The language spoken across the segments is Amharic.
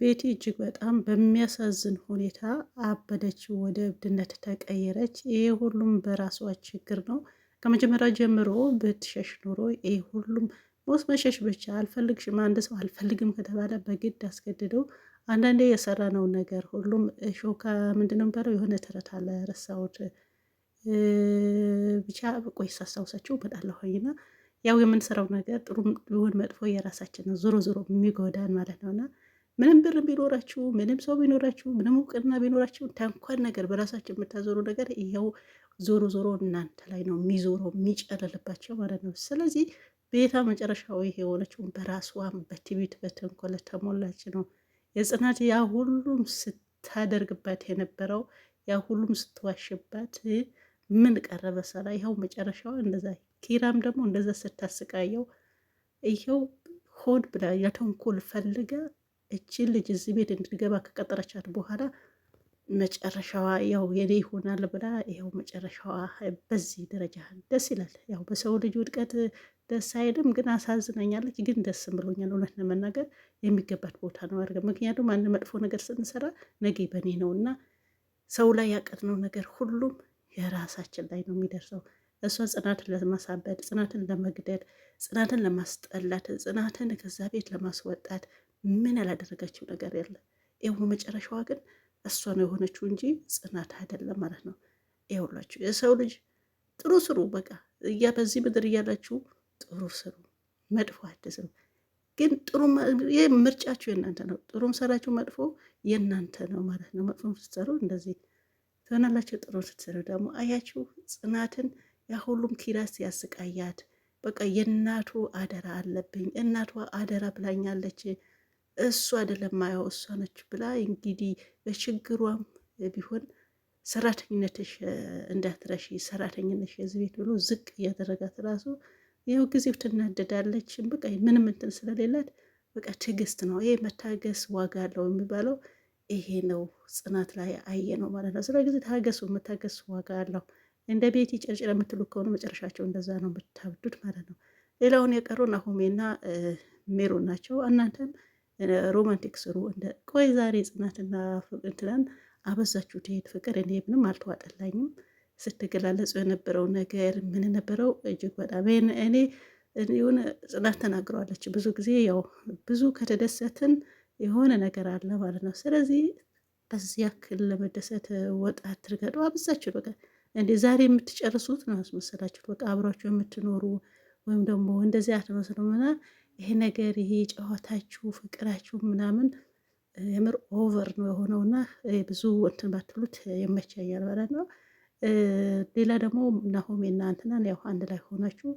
ቤቲ እጅግ በጣም በሚያሳዝን ሁኔታ አበደች፣ ወደ እብድነት ተቀየረች። ይህ ሁሉም በራሷ ችግር ነው። ከመጀመሪያ ጀምሮ ብትሸሽ ኑሮ ይህ ሁሉም ቦስ መሸሽ ብቻ አልፈልግሽም። አንድ ሰው አልፈልግም ከተባለ በግድ አስገድደው አንዳንዴ የሰራነው ነገር ሁሉም ሾካ ምንድን ነው የሚባለው የሆነ ተረት አለ ረሳሁት። ብቻ ቆይ ሳስታውሳቸው እመጣለሁኝና ያው የምንሰራው ነገር ጥሩ ቢሆን መጥፎ የራሳችን ነው። ዞሮ ዞሮ የሚጎዳን ማለት ነውና ምንም ብር ቢኖራችሁ ምንም ሰው ቢኖራችሁ ምንም እውቅና ቢኖራችሁ ተንኳን ነገር በራሳችሁ የምታዞሩ ነገር ይኸው ዞሮ ዞሮ እናንተ ላይ ነው የሚዞረው የሚጨለልባቸው ማለት ነው። ስለዚህ ቤታ መጨረሻዊ የሆነችውን በራስዋም በትዕቢት በተንኮለ ተሞላች ነው የጽናት ያ ሁሉም ስታደርግባት የነበረው ያ ሁሉም ስትዋሽባት ምን ቀረበ ሰራ ይኸው መጨረሻዋ እንደዛ። ኪራም ደግሞ እንደዛ ስታስቃየው ይኸው ሆድ ብላ የተንኮል ፈልጋ እቺ ልጅ እዚህ ቤት እንድትገባ ከቀጠረቻት በኋላ መጨረሻዋ ያው የኔ ይሆናል ብላ ይኸው መጨረሻዋ በዚህ ደረጃ ደስ ይላል። ያው በሰው ልጅ ውድቀት ደስ አይልም፣ ግን አሳዝነኛለች፣ ግን ደስ ብሎኛል። እውነት ለመናገር የሚገባት ቦታ ነው አድርገን። ምክንያቱም አንድ መጥፎ ነገር ስንሰራ ነገ በኔ ነው እና ሰው ላይ ያቀድነው ነገር ሁሉም የራሳችን ላይ ነው የሚደርሰው። እሷ ጽናትን ለማሳበድ፣ ጽናትን ለመግደል፣ ጽናትን ለማስጠላት፣ ጽናትን ከዛ ቤት ለማስወጣት ምን ያላደረጋችው ነገር የለ። ይኸው መጨረሻዋ ግን እሷ ነው የሆነችው እንጂ ጽናት አይደለም ማለት ነው። ይኸውላችሁ የሰው ልጅ ጥሩ ስሩ፣ በቃ እያ በዚህ ምድር እያላችሁ ጥሩ ስሩ፣ መጥፎ አደስም ግን ጥሩ ይህ ምርጫችሁ የእናንተ ነው። ጥሩም ሰራችሁ መጥፎ የእናንተ ነው ማለት ነው። መጥፎም ስትሰሩ እንደዚህ ትሆናላችሁ፣ ጥሩ ስትሰሩ ደግሞ አያችሁ ጽናትን ያ ሁሉም ኪራስ ያስቃያት። በቃ የእናቱ አደራ አለብኝ እናቷ አደራ ብላኛለች እሱ አይደለም ማየው እሷ ነች ብላ እንግዲህ በችግሯም ቢሆን ሰራተኝነትሽ እንዳትረሺ ሰራተኝነሽ የዚህ ቤት ብሎ ዝቅ እያደረጋት ራሱ ይኸው ጊዜው ትናደዳለች። በቃ ምንም እንትን ስለሌላት በቃ ትዕግስት ነው ይሄ መታገስ ዋጋ አለው የሚባለው ይሄ ነው። ጽናት ላይ አየ ነው ማለት ነው። ስለዚህ ታገሱ፣ መታገስ ዋጋ አለው። እንደ ቤት ጨርጭ የምትሉ ከሆኑ መጨረሻቸው እንደዛ ነው የምታብዱት ማለት ነው። ሌላውን የቀሩ ናሆሜና ሜሮ ናቸው። እናንተም ሮማንቲክ ስሩ። እንደ ቆይ ዛሬ ጽናትና እንትናን አበዛችሁ ትሄድ ፍቅር እኔ ምንም አልተዋጠላኝም። ስትገላለጹ የነበረው ነገር ምን ነበረው? እጅግ በጣም እኔ የሆነ ጽናት ተናግረዋለች። ብዙ ጊዜ ያው ብዙ ከተደሰትን የሆነ ነገር አለ ማለት ነው። ስለዚህ በዚያ ያክል ለመደሰት ወጣ ትርገጡ አብዛችሁ በቃ እንዴ ዛሬ የምትጨርሱት ነው ያስመሰላችሁ። በቃ አብሯቸው የምትኖሩ ወይም ደግሞ እንደዚያ አትመስሉምና ይሄ ነገር ይሄ ጨዋታችሁ ፍቅራችሁ ምናምን የምር ኦቨር ነው የሆነው የሆነውና ብዙ እንትን ባትሉት ይመቸኛል ማለት ነው። ሌላ ደግሞ ናሆሜ እና እንትናን ያው አንድ ላይ ሆናችሁ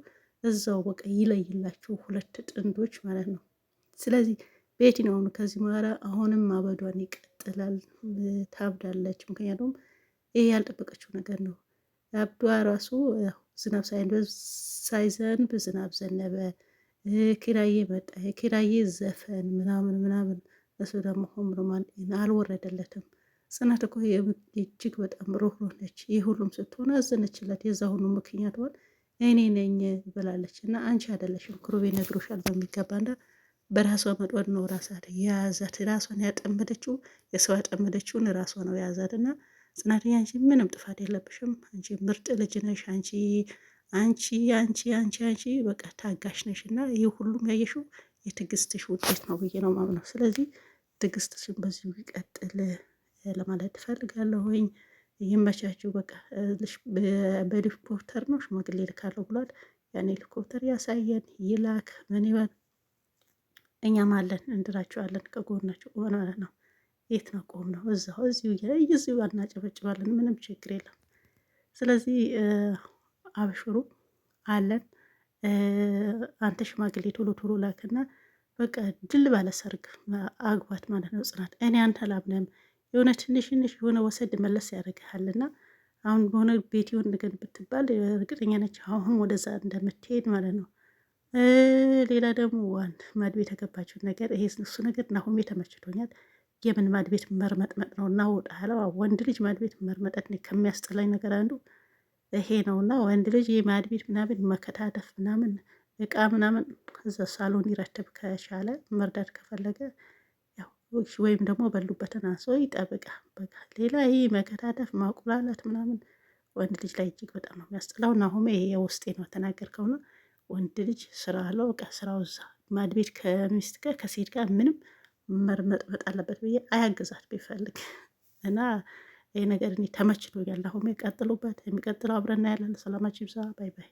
እዛው በቃ ይለይላችሁ ሁለት ጥንዶች ማለት ነው። ስለዚህ ቤቲ ነው ከዚህ በኋላ አሁንም ማበዷን ይቀጥላል። ታብዳለች። ምክንያቱም ይሄ ያልጠበቀችው ነገር ነው። አብዷ ራሱ ዝናብ ሳይዘንብ ዝናብ ዘነበ ኪራዬ መጣ፣ የኪራዬ ዘፈን ምናምን ምናምን። እሱ ደግሞ ሆምሮማን አልወረደለትም። ጽናት እኮ እጅግ በጣም ሩህሩህ ነች። ይህ ሁሉም ስትሆን አዘነችለት። የዛ ሁሉ ምክንያት ሆን እኔ ነኝ ብላለች። እና አንቺ አይደለሽም ክሩቤ ነግሮሻል በሚገባ እንዳ በራሷ መጥወድ ነው ራሳት የያዛት ራሷን ያጠመደችው የሰው ያጠመደችውን ራሷ ነው የያዛት። እና ጽናት አንቺ ምንም ጥፋት የለብሽም። አንቺ ምርጥ ልጅ ነሽ። አንቺ አንቺ አንቺ አንቺ አንቺ በቃ ታጋሽ ነሽ እና ይህ ሁሉም ያየሽው የትዕግስትሽ ውጤት ነው ብዬ ነው ማምነው። ስለዚህ ትዕግስትሽን በዚሁ ይቀጥል ለማለት ትፈልጋለሁኝ። ይመቻችሁ። በቃ በሄሊኮፕተር ነው ሽማግሌ ልካለሁ ብሏል። ያን ሄሊኮፕተር ያሳየን ይላክ ምን ይበል፣ እኛም አለን እንድራችኋለን፣ ከጎናችሁ ማለት ነው። የት ነው ቆም ነው? እዛው እዚሁ እዚሁ አናጨበጭባለን። ምንም ችግር የለም። ስለዚህ አብሽሩ አለን። አንተ ሽማግሌ ቶሎ ቶሎ ላክና በቃ ድል ባለ ሰርግ አግባት ማለት ነው ጽናት። እኔ አንተ ላምነም የሆነ ትንሽ ትንሽ የሆነ ወሰድ መለስ ያደርግሃልና አሁን በሆነ ቤት የሆነ ነገር ብትባል እርግጠኛ ነች አሁን ወደዛ እንደምትሄድ ማለት ነው። ሌላ ደግሞ ዋን ማድቤት ያገባችው ነገር ይሄ እሱ ነገር ናሁሜ ተመችቶኛል። የምን ማድቤት መርመጥመጥ ነው እና ወጣ ወንድ ልጅ ማድቤት መርመጠት ከሚያስጠላኝ ነገር አንዱ ይሄ ነው እና ወንድ ልጅ ይሄ ማድቤት ምናምን መከታተፍ ምናምን እቃ ምናምን እዛ ሳሎን ይረትብ ከቻለ መርዳት ከፈለገ ወይም ደግሞ በሉበትን አንሶ ይጠብቃ። በቃ ሌላ ይህ መከታተፍ ማቁላላት ምናምን ወንድ ልጅ ላይ እጅግ በጣም ነው የሚያስጠላው። እና አሁን ይሄ የውስጤ ነው ተናገርከው ነው። ወንድ ልጅ ስራ አለው እቃ ስራው እዛ ማድቤት ከሚስት ጋር ከሴት ጋር ምንም መርመጥመጥ አለበት ብዬ አያግዛት ቢፈልግ እና ይህ ነገር እኔ ተመችቶኛል። አሁን የቀጥሉበት የሚቀጥለው አብረና ያለን። ሰላማችሁ ይብዛ። ባይ ባይ